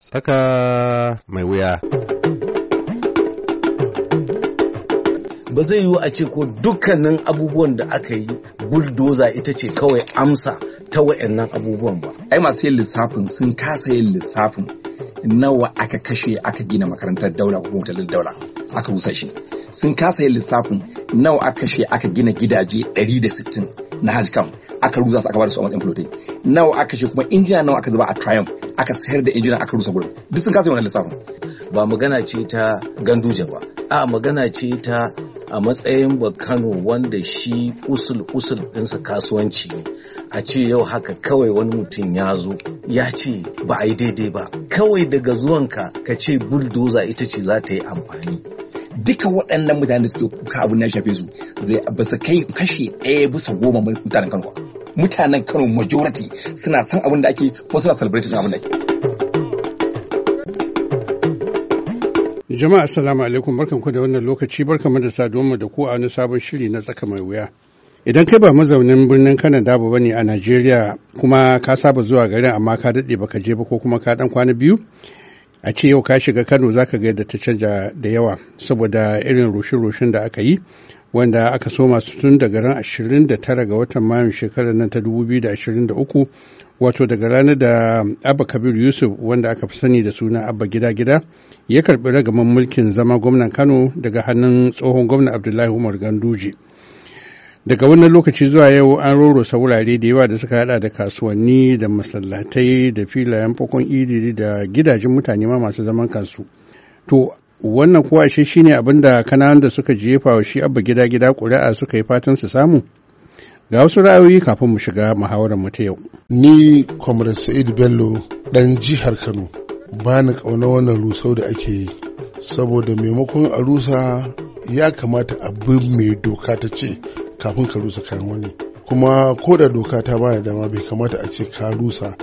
Saka mai wuya. Ba zai yiwu a ce ko dukkanin abubuwan da aka yi buldoza ita ce kawai amsa ta wa'annan abubuwan ba. Ai masu yin lissafin sun kasa yin lissafin nawa aka kashe aka gina makarantar daula ko hotelin daula aka rusa shi. Sun kasa yin lissafin nawa aka kashe aka gina gidaje 160 na hajj aka rusa su aka bada su a matsayin fulotai nawa aka shi kuma injina nawa aka zuba a triumph aka sayar da injina aka rusa gurin duk sun kasa wannan lissafin ba magana ce ta ganduje ba a magana ce ta a matsayin bakano wanda shi usul usul ɗinsa kasuwanci ne a ce yau haka kawai wani mutum ya zo ya ce ba a yi daidai ba kawai daga zuwanka ka ce buldoza ita ce za ta yi amfani duka waɗannan mutane da suke kuka abin ya shafe su zai basa kai kashe ɗaya bisa goma mutanen Kano mutanen Kano majority suna san abin da ake ko suna celebrating abin da ake Jama'a assalamu alaikum barkanku da wannan lokaci mu da mu da ku a wani sabon shiri na tsaka mai wuya. Idan kai ba mazaunin birnin da ba ne a Najeriya kuma ka saba zuwa garin amma ka daɗe baka je ba ko kuma ka ɗan kwana biyu a ce yau ka shiga kano zaka ga yadda ta canja da yawa saboda irin rushe-rushen da aka yi wanda aka so masu tun daga ran 29 ga watan mayun shekarar nan ta 2023 wato daga ranar da abba kabir yusuf wanda aka fi sani da suna abba gida gida ya karbi ragaman mulkin zama gwamnan kano daga hannun tsohon gwamnan abdullahi umar ganduje daga wannan lokaci zuwa yau an rorosa wurare da yawa da suka hada da kasuwanni da masallatai da filayen fokon iri da gidajen mutane ma masu zaman kansu to wannan kuwa shi shine abin da kananan da suka jefa wa shi abba gida gida ƙuri'a suka yi fatan su samu ga wasu ra'ayoyi kafin mu shiga muhawarar mu ta yau ni comrade sa'id bello dan jihar kano ba ni kauna wannan rusau da ake yi saboda maimakon a rusa ya kamata abin mai doka ta ce kafin ka rusa kayan wani kuma ko da doka ta baya dama bai kamata a ce ka rusa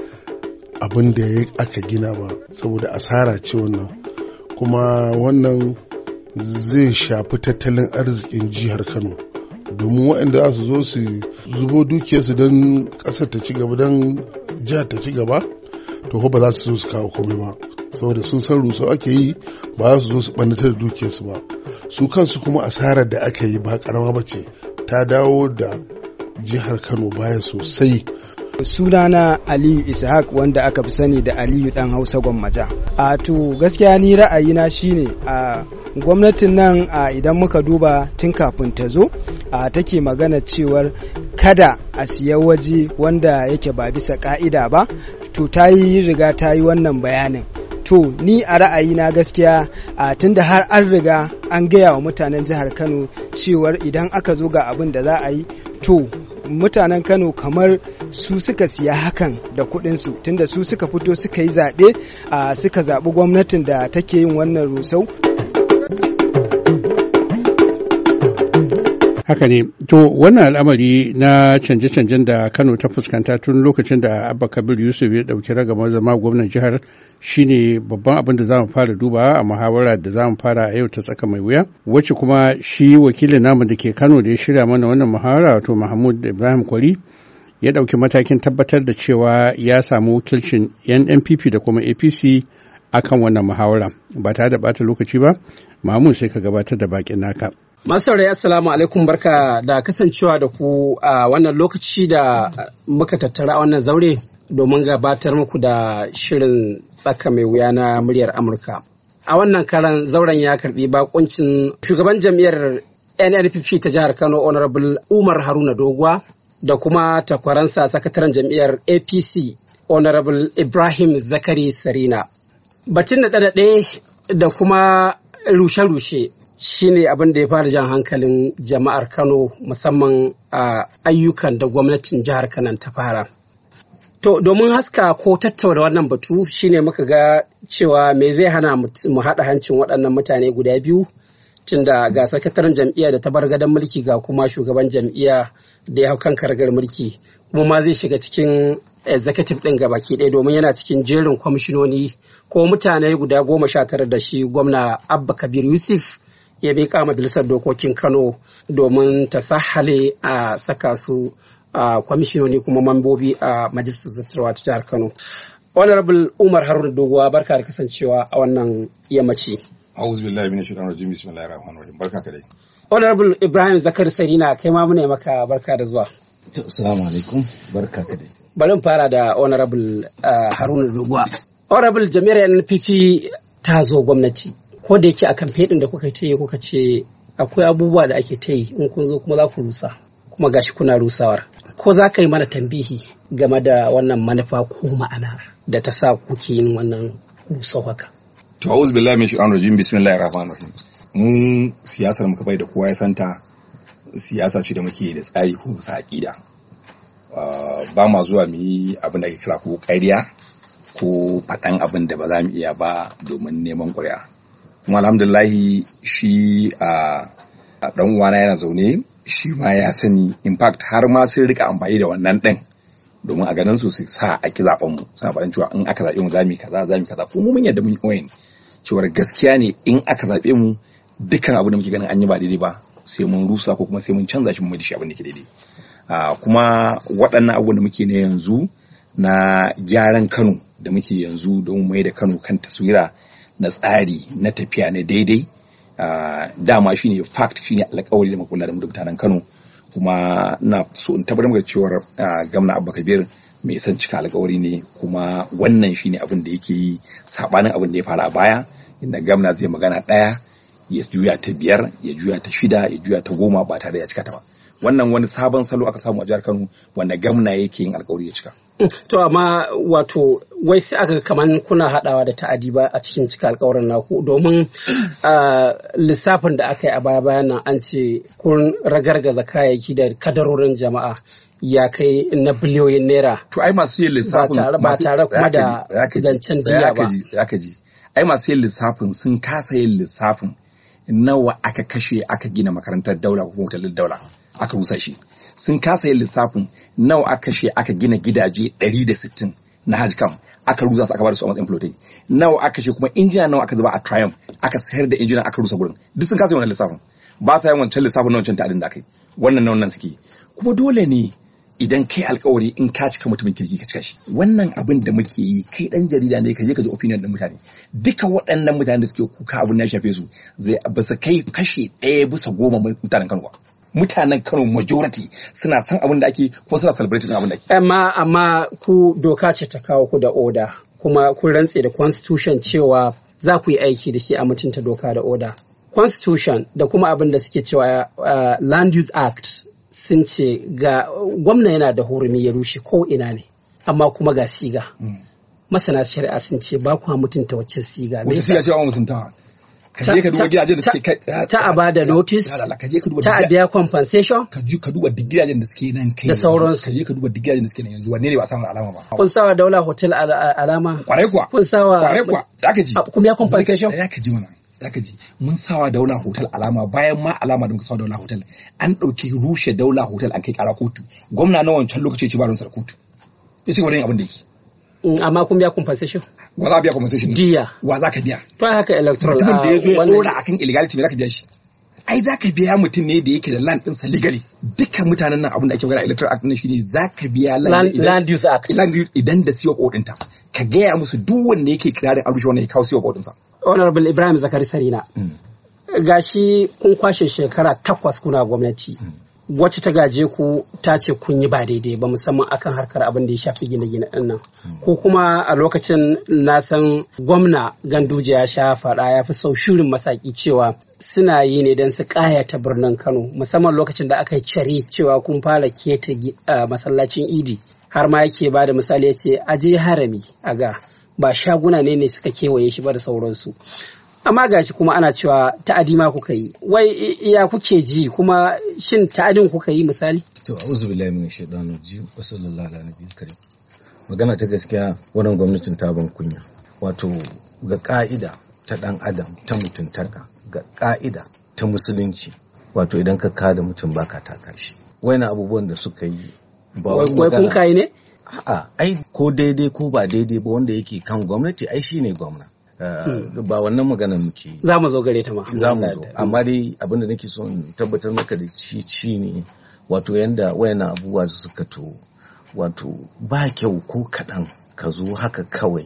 abin da aka gina ba saboda asara ce wannan kuma wannan zai shafi tattalin arzikin jihar kano domin waɗanda za su zo su zubo dukiyarsu don ƙasar ta ci gaba don jihar ta ci gaba to ba za su zo su kawo komai ba saboda sun san rusau ake yi ba za su zo su ɓannatar da dukiyarsu ba su kansu kuma asarar da aka yi ba ƙarama ba ce ta dawo da jihar kano baya sosai sunana aliyu ishaq wanda aka fi sani da aliyu dan hausa gwammaja a to gaskiya ni ra'ayina shine a gwamnatin nan a idan muka duba tun kafin ta zo a take magana cewar kada a siya waje wanda yake ba bisa ka'ida ba to ta yi riga ta yi wannan bayanin to ni a ra'ayi na gaskiya a tunda har an riga an gaya wa mutanen jihar kano cewar idan aka zo ga abin da za a yi to mutanen kano kamar su suka siya hakan da kuɗinsu tunda su suka fito suka yi zaɓe suka zaɓi gwamnatin da take yin wannan rusau Haka ne, to wannan al'amari na canje-canjen da Kano ta fuskanta tun lokacin da Abba Kabir Yusuf ya dauki ragamar zama gwamnan jihar shine babban abin da mu fara duba a muhawara da mu fara a yau ta tsaka mai wuya wacce kuma shi wakilin namu da ke Kano da ya shirya mana wannan muhawara wato Mahmud Ibrahim Kwari ya dauki matakin tabbatar da cewa ya samu wakilcin 'yan NPP da kuma APC akan wannan muhawara ba tare da bata lokaci ba mamun sai ka gabatar da bakin naka Masarai assalamu alaikum barka da kasancewa da ku a wannan lokaci da muka tattara wannan zaure domin gabatar muku da shirin tsaka mai wuya na muryar Amurka. A wannan karan zauren ya karbi bakuncin shugaban jam'iyyar NNPP ta jihar Kano Honorable Umar Haruna Dogwa da kuma takwaransa sakataren jam'iyyar APC Honorable Ibrahim Zakari Sarina. Batun da ɗaɗaɗe da kuma rushe-rushe shi ne abin da ya fara jan hankalin jama'ar Kano musamman a ayyukan da gwamnatin jihar Kano ta fara. To domin haska ko tattauna wannan batu ne muka ga cewa me zai hana mu haɗa hancin waɗannan mutane guda biyu tunda ga sakataren jam'iyya da ta bar gadon mulki ga kuma shugaban jam'iyya da ya hau kan karagar mulki mu ma zai shiga cikin executive ɗin baki ɗaya domin yana cikin jerin kwamishinoni ko mutane guda goma sha tara da shi gwamna abba kabir yusuf ya miƙa majalisar dokokin kano domin ta sahale a saka su a kwamishinoni kuma mambobi a majalisar zattarwa ta jihar kano honorable umar Haruna doguwa barka da kasancewa a wannan yammaci barka honorable ibrahim zakar sarina kai ma muna maka barka da zuwa Assalamu alaikum, barka ka dai. fara da Honorable uh, Haruna Doguwa. Honorable Jami'ar NPP ta zo gwamnati. Ko da yake a kamfe da kuka ce kuka ce akwai abubuwa da ake ta yi in kun zo kuma za ku rusa. Kuma gashi kuna rusawar. Ko za ka yi mana tambihi game da wannan manufa ko ma'ana da ta sa kuke yin wannan rusau haka. To, a'udhu billahi min shaitanir rajim, bismillahir rahmanir rahim. Mun siyasar muka bai da kowa ya santa siyasa ce da muke da tsari ko bisa aƙida ah, ba ma zuwa mu yi abin da ake kira ko ƙarya ko faɗan abin da ba za mu iya ba domin neman ƙuri'a kuma alhamdulahi shi a ah, ɗan uwana yana zaune shi ma ya sani in fact har ma sun rika amfani da wannan ɗin domin a ganin su su sa a ki zaɓen mu suna faɗin cewa in aka zaɓe mu za mu kaza za mu kaza ko mun yadda mun yi oyin cewar gaskiya ne in aka zaɓe mu dukkan abin da muke ganin an yi ba daidai ba sai mun rusa ko kuma sai mun canza shi mun mai da shi abin da ke daidai ah, kuma waɗannan abubuwan da muke na yanzu na gyaran Kano da muke yanzu don mai da Kano kan taswira na tsari na tafiya na daidai ah, dama shine fact shine alƙawari da makulla da mutanen Kano kuma na so in tabbatar maka cewar ah, gamna Abba Kabir mai son cika alƙawari ne kuma wannan shine abin da yake yi sabanin abin da ya fara a baya inda gamna zai magana ɗaya ya juya ta biyar ya juya ta shida ya juya ta goma ba tare da ya cika ta ba wannan wani sabon salo aka samu a jihar Kano wanda gamna yake yin alkawari ya cika mm. to amma wato wai sai aka kaman kuna hadawa da ta'adi ba a cikin cika alkawarin naku domin ah, lissafin da aka yi a baya bayan nan an ce kun ragargaza kayayyaki da kadarorin jama'a ya kai na biliyoyin naira to ai masu yin lissafin ba tare kuma da zancen diya ba ai masu yin lissafin sun kasa yin lissafin nawa aka kashe aka gina makarantar daula ko hotelin daula aka rusa shi sun kasa yin lissafin nawa aka kashe aka gina gidaje 160 na hajj kam aka rusa su aka bada su a matsayin floating nawa aka kashe kuma injina nawa aka zuba a triumph aka sayar da injina aka rusa gurin duk sun kasa yin wannan lissafin ba sa yin wancan lissafin na wancan ta'adin da aka wannan na wannan suke kuma dole ne idan kai alkawari in ka cika mutumin kirki ka cika shi wannan abin da muke yi kai dan jarida ne ka je ka ji opinion din mutane duka waɗannan mutane da suke kuka abin ya shafe su zai bisa kai kashe ɗaya bisa goma mutanen Kano mutanen Kano majority suna san abin da ake kuma suna celebrate abin da ake amma amma ku doka ce ta kawo ku da oda kuma kun rantse da constitution cewa za ku yi aiki da shi a mutunta doka da oda constitution da kuma abin da suke cewa eh, land use act sun ce ga gwamna yana da hurumi ya rushe ko ina ne amma kuma ga siga hmm. masana shari'a sun ce ba kuma mutunta waccan siga me siga ce ba mutunta ka je ka duba da ta a ba da notice ta a biya compensation ka ka duba duk gidajen da suke nan kai da sauransu ka ji ka duba duk gidajen da suke nan yanzu wanne ne ba samun alama ba kun sawa daula hotel alama kwarai kuwa kun sawa kwarai kuwa zaka ji kuma ya compensation ka ji mana. zaka ji mun sawa daula hotel alama bayan ma alama da muka sawa daula hotel an ɗauki rushe daula hotel an kai kara kotu gwamna na wancan lokaci ci barin kotu ya ce wani abin da yake mm, amma kun biya compensation wa za a biya compensation diya wa za ka biya to haka electoral mutumin da ya zo ya dora ah, akan illegality me za ka biya shi ai za ka biya mutum ne da yake da land ɗinsa legally dukkan mutanen nan abin da ake magana electoral act ne shine za ka biya land use act idan da siyo ɗinta ka gaya musu duk wanda yake kirarin an rushe wannan ya kawo siyo ɗinsa honorable ibrahim zakari sarina mm. gashi kun kwashe shekara takwas kuna gwamnati mm. wacce ta gaje ku ta ce kun yi ba daidai ba musamman akan harkar abin da ya shafi gine-gine ɗannan mm. ko kuma a lokacin na san gwamna ganduje ya sha faɗa ya fi sau shirin masaki cewa suna yi ne don su ƙayata birnin kano musamman lokacin da aka cire cewa kun fara keta masallacin idi har ma yake ba da misali ya ce aje harami a ga ba shaguna ne ne suka kewaye shi ba da sauransu amma gashi kuma ana cewa ta'adi ma kuka yi wai ya kuke ji kuma shin ta'adin kuka yi misali to a'udhu billahi min shaitanir rajim wa sallallahu ala nabiyil karim magana ta gaskiya wannan gwamnatin ta ban kunya wato ga ka'ida ta dan adam ta mutuntaka ga ka'ida ta musulunci wato idan ka kada mutum baka taka shi na abubuwan da suka yi ba wai kun kai ne a'a ai ko daidai ko ba daidai ba wanda yake kan gwamnati ai shine gwamna hmm. ba wannan magana muke za mu zo gare ta ma za mu zo amma dai abin da nake so in tabbatar maka da shi shi ne wato yanda wayannan abubuwa suka to wato ba kyau ko kaɗan ka zo haka kawai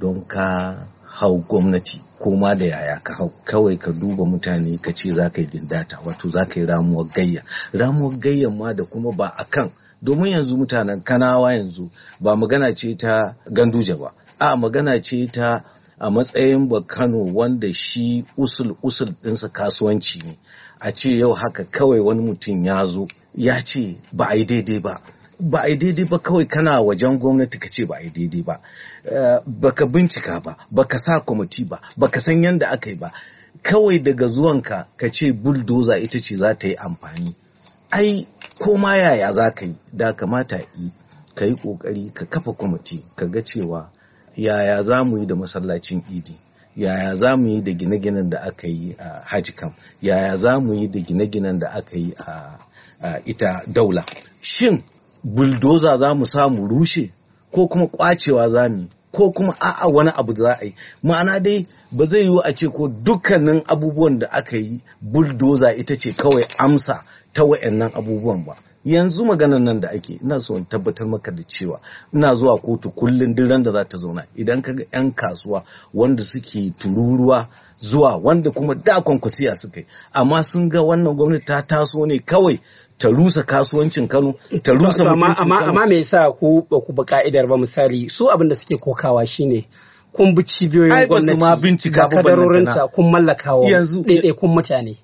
don ka hau gwamnati ko ma da yaya ka hau kawai ka duba mutane ka ce za ka yi dindata wato za ka yi ramuwar gayya ramuwar gayya ma da kuma ba akan domin yanzu mutanen kanawa yanzu ba magana ce ta ganduje ba a magana ce ta a matsayin Kano wanda shi usul usul ɗinsa kasuwanci ne a ce yau haka kawai wani mutum ya zo ya ce ba a yi daidai ba ba a yi daidai ba kawai kana wajen gwamnati ka ce ba a yi daidai ba eh, baka bincika ba baka sa kwamiti ba baka san yadda aka yi ba kawai daga zuwanka ka ce buldoza ita ce za ta yi amfani ai ko ma yaya za ka yi da kamata ka yi ƙoƙari ka kafa kwamiti ka ga cewa yaya za mu yi da masallacin idi yaya za mu yi da gine-ginen da aka yi a kam yaya za mu yi da gine-ginen da aka yi a ita daula shin buldoza za mu samu rushe ko kuma kwacewa za mu ko kuma a'a wani abu za a yi ma'ana dai ba zai yiwu a ce ko dukkanin abubuwan da aka yi buldoza ita ce kawai amsa ta wayannan abubuwan ba yanzu maganan nan da ake ina so in tabbatar maka da cewa ina zuwa kotu kullum duk da za ta zauna idan ka ga yan kasuwa wanda suke tururuwa zuwa wanda kuma da kwankwasiya suka yi amma sun ga wannan gwamnati ta taso ne kawai ta rusa kasuwancin Kano ta rusa mutuncin Kano amma me yasa ku ba ku ba ka'idar ba misali su abin da suke kokawa shine kun bi cibiyoyin gwamnati ma bincika ba kadarorinta kun mallakawa yanzu kun mutane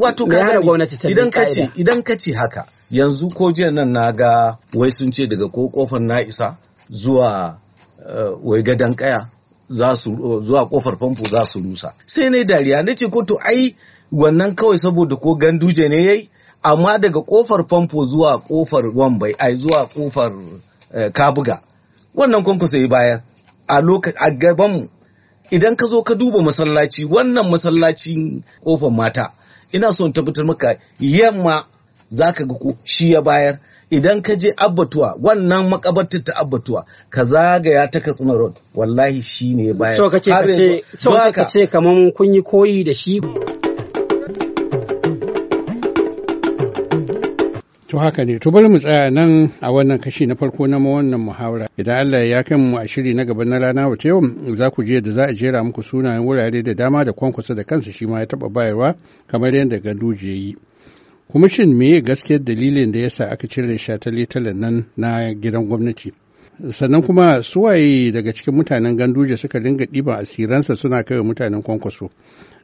wato kaga gwamnati ta idan kace idan kace haka yanzu ko jiya nan na ga wai sun ce daga ko kofar na isa zuwa eh, wai gadan kaya za su zuwa kofar famfo za su rusa sai ne dariya na ce ko to ai wannan kawai saboda ko ganduje ne yayi amma daga kofar famfo zuwa kofar wambai ai zuwa kofar eh, kabuga wannan ku yi bayan a a gabanmu idan ka zo ka duba masallaci wannan masallacin kofar mata ina son tabbatar maka yamma za ka ga ko shi ya bayar idan ka je abbatuwa wannan makabartar ta abbatuwa ka zagaya ta katsina road wallahi shi ne ya bayar so kace kace ce kaman kun yi koyi da shi To haka ne, to bari mu tsaya nan a wannan kashi na farko na wannan muhawara. Idan Allah ya kai mu a shiri na gaba na rana wata yau za ku je da za a jera muku sunayen wurare da dama da kwankwasa da kansa shi ma ya taɓa bayarwa kamar yadda Ganduje ya yi. Kuma shin me gaskiya dalilin da yasa aka cire shataletalen nan na gidan gwamnati? Sannan kuma suwaye daga cikin mutanen Ganduje suka dinga ɗiban asiransa suna kai mutanen kwankwaso.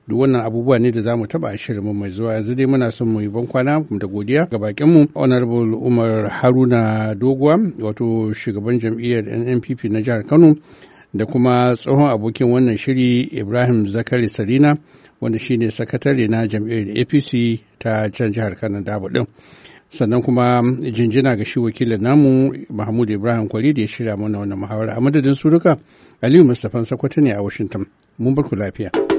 duk wannan abubuwa ne da za mu taba shirin mai zuwa yanzu dai muna son mu yi ban kwana da godiya ga bakin mu honorable Umar Haruna Doguwa wato shugaban jam'iyyar NNPP na jihar Kano da kuma tsohon abokin wannan shiri Ibrahim Zakari Sarina wanda shine sakatare na jam'iyyar APC ta can jihar Kano Dabo din sannan kuma jinjina ga shi wakilin namu Mahmud Ibrahim Kwari da ya shirya mana wannan muhawara a madadin suruka Aliyu Mustapha Sakwato ne a Washington mun barku lafiya